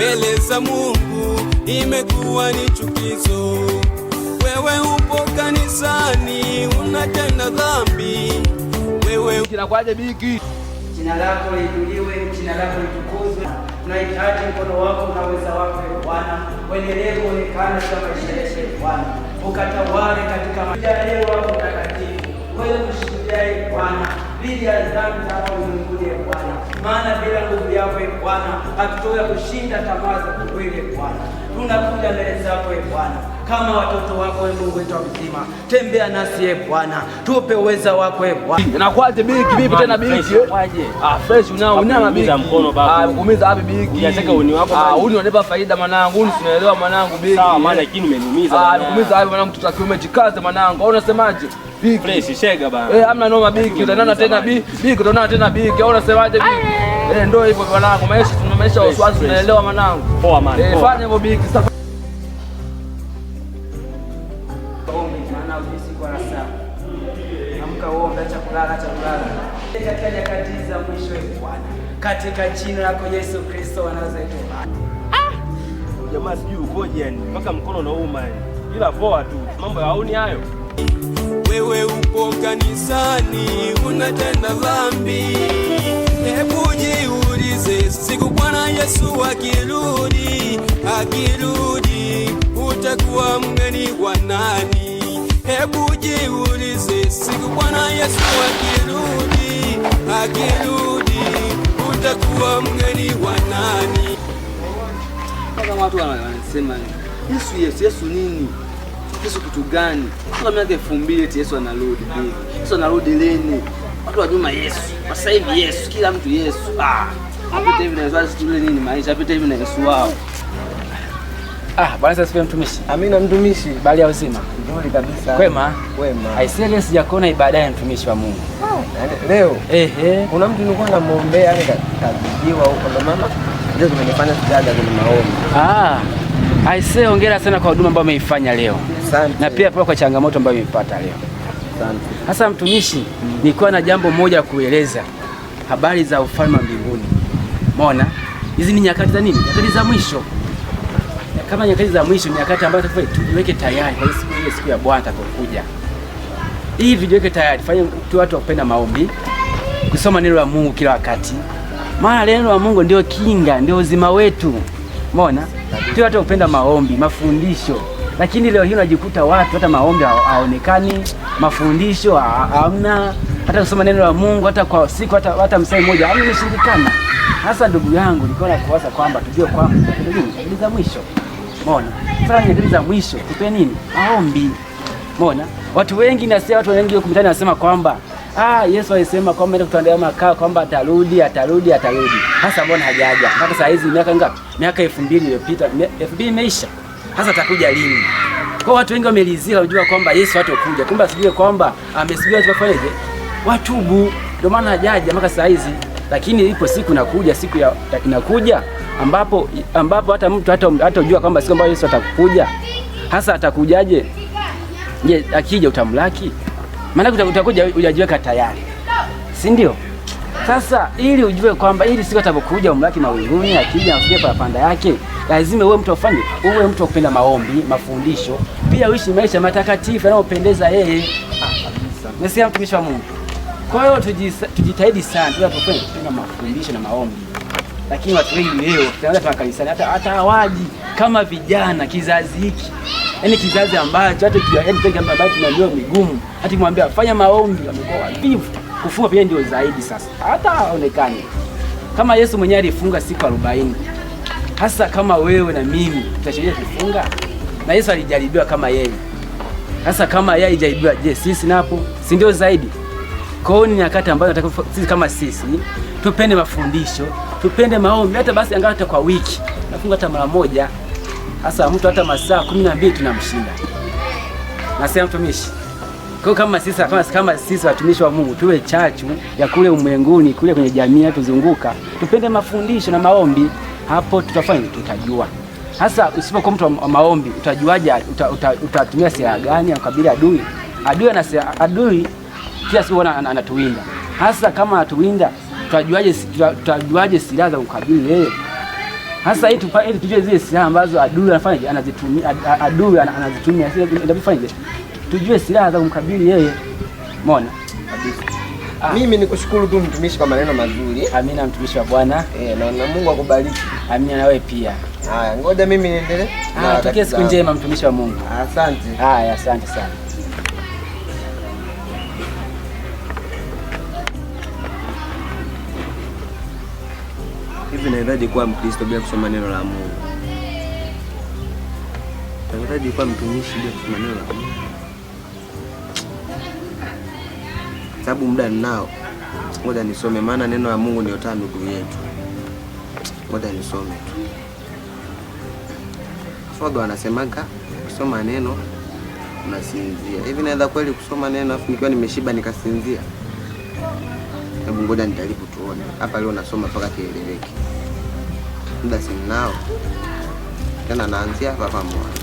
mbele za Mungu imekuwa ni chukizo. Wewe upo kanisani unatenda dhambi. Wewe biki? Jina lako liinuliwe, jina lako litukuzwe. Tunahitaji mkono wako na uweza wako Bwana, uendelee kuonekana kwa maisha yetu Bwana, ukatawale katika leo wako mtakatifu, wewe kushuhudia Bwana ya dhambi za hapa Bwana, maana bila nguvu yako e Bwana hatutoweza kushinda tamaa za kweli e Bwana, tunakuja mbele zako e Bwana kama watoto wako. Ee Mungu wetu wa mzima, tembea nasi e Bwana, tupe uweza wako e Bwana. Na kwaje biki ah, vipi tena biki? Kwaje? Ah, fresh unao unao biki. Mkono baba. Ah, umiza hapi biki. Unataka uni wako. Ah, uni unanipa faida mwanangu, uni unaelewa mwanangu biki. Sawa, maana lakini umeniumiza. Ah, umiza hapi mwanangu, mtoto wa jikaze mwanangu. Au unasemaje? Biki. Fresh shega bana. Eh, amna noma biki. Utaonana tena biki. Biki utaonana tena biki. Au unasemaje biki? Eh, ndio hivyo mwanangu. Maisha tunamaisha tunaelewa mwanangu. Poa mwanangu. Eh, fanya hivyo biki. katika nyakati za mwisho ee Bwana, katika jina lako Yesu Kristo wa Nazareti. Ah, jamaa sijui ukoje yani mpaka mkono unauma ila poa tu, mambo ya hayo. Wewe upo kanisani, unatenda dhambi, hebu jiulize, siku Bwana Yesu akirudi, akirudi utakuwa mgeni wa nani? Hebu jiulize, siku Bwana Yesu akirudi akirudi utakuwa mgeni wa nani? watu wanasema Yesu, Yesu, Yesu nini? Yesu kitu gani? Kama miaka elfu mbili eti Yesu anarudi lini? Yesu anarudi lini? Watu wajuma nyuma Yesu, sasa hivi Yesu, kila mtu Yesu. Ah, apite hivi na Yesu asitule nini maisha, apite hivi na Yesu wao. Ah, bwana sasa mtumishi. Amina mtumishi, bali ya uzima. Nzuri kabisa. Kwema? Kwema. Aisee, sijakuona ya mtumishi wa Mungu. Oh. Yaani, leo. Eh eh. Kuna mtu nilikuwa namuombea yale yaani kajiwa huko na mama. Ndio tumenifanya sijada kwenye maombi. Ah. Aisee, hongera sana kwa huduma ambayo umeifanya leo. Asante. Na pia pia kwa changamoto ambayo umeipata leo. Asante. Sasa mtumishi, mm. nilikuwa na jambo moja kueleza. Habari za ufalme wa mbinguni. Mona, Hizi ni nyakati za nini? Nyakati za mwisho kama nyakati za mwisho, nyakati ambazo tuweke tayari kwa siku ile, siku ya Bwana atakokuja. Hii vijiweke tayari, fanye tu watu wapenda maombi, kusoma neno la Mungu kila wakati, maana neno la Mungu ndio kinga, ndio uzima wetu. Umeona, tu watu wapenda maombi, mafundisho. Lakini leo hii unajikuta watu hata maombi haonekani, mafundisho hamna, hata kusoma neno la Mungu hata kwa siku hata, hata msai moja ameshindikana. Hasa ndugu yangu, nilikuwa nakuwaza kwamba tujue kwamba ni za mwisho Mbona sasa nyakati za mwisho tupe nini? Maombi. Mbona watu wengi nasikia, watu wengi wa kumtani wanasema kwamba ah, Yesu alisema kwamba ndio kutandaa makao kwamba atarudi, atarudi, atarudi. Sasa mbona hajaja? Mpaka saa hizi miaka ngapi? Miaka 2000 iliyopita, 2000 imeisha. Sasa atakuja lini? Kwa watu wengi wamelizia, wajua kwamba Yesu hatakuja. Kumbe asijue kwamba amesijua amesubiri tufanyeje? Watubu. Ndio maana hajaja mpaka saa hizi. Lakini ipo siku nakuja, siku ya inakuja ambapo ambapo hata mtu hata um-, hatajua kwamba siku ambayo Yesu atakuja hasa atakujaje. Je, akija utamlaki? Maana utakuja ujajiweka tayari, si ndio? Sasa ili ujue kwamba ili siku atakapokuja umlaki mawinguni, akija afike pa panda yake, lazima uwe mtu afanye, uwe mtu kupenda maombi, mafundisho, pia uishi maisha matakatifu yanayopendeza yeye. Ah, Nasikia mtumishi wa Mungu. Kwa hiyo tujitahidi sana tupenda mafundisho na maombi lakini watu wengi leo tunaanza kanisa hata hata hawaji kama vijana kizazi hiki, yani kizazi ambacho hata yaani pekee ambacho tunajua migumu, hata kumwambia fanya maombi amekuwa wavivu. Kufunga pia ndio zaidi sasa, hata aonekane kama Yesu mwenyewe alifunga siku 40 Hasa kama wewe na mimi tutashiria kufunga? Na Yesu alijaribiwa kama yeye. hasa kama yeye alijaribiwa, je, sisi napo si ndio zaidi? Kwa hiyo ni nyakati ambazo nataka sisi kama sisi tupende mafundisho, tupende maombi, hata basi angalau hata kwa wiki nafunga hata mara moja, hasa mtu hata masaa kumi na mbili tunamshinda. Nasema mtumishi kwa kama sisi kama, kama sisi watumishi wa Mungu tuwe chachu ya kule umwenguni kule kwenye jamii yatuzunguka, tupende mafundisho na maombi. Hapo tutafanya tutajua. Hasa usipokuwa mtu wa maombi, utajuaje? Utatumia uta, uta, silaha gani ukabili adui? Adui anasi, adui kila siku anatuwinda. Hasa kama anatuwinda, tutajuaje? Tutajuaje silaha za kukabili yeye? Hasa hii tupa ili tujue zile silaha ambazo adui anafanya anazitumia, adui anazitumia sisi ndivyo, tujue silaha za kumkabili yeye. Umeona kabisa. Ah. Mimi ni kushukuru tu mtumishi kwa maneno mazuri. Amina mtumishi wa Bwana. Eh, na, na Mungu akubariki. Amina na wewe pia. Haya, ngoja mimi niendelee. Ah, tukie siku njema mtumishi wa Mungu. Asante. Haya, asante sana. Nawezaje kuwa Mkristo bila kusoma neno la Mungu? Nawezaje kuwa mtumishi bila kusoma neno la Mungu? Sababu muda ninao, ngoja nisome, maana neno la Mungu ndio taa miguu yetu. Ngoja nisome tu. Wafoga wanasemaga kusoma neno unasinzia. Hivi naweza kweli kusoma neno afu nikiwa nimeshiba nikasinzia? Hebu ngoja nijaribu tuone. Hapa leo nasoma mpaka kieleweke muda simnao, tena naanzia hapa pamoja.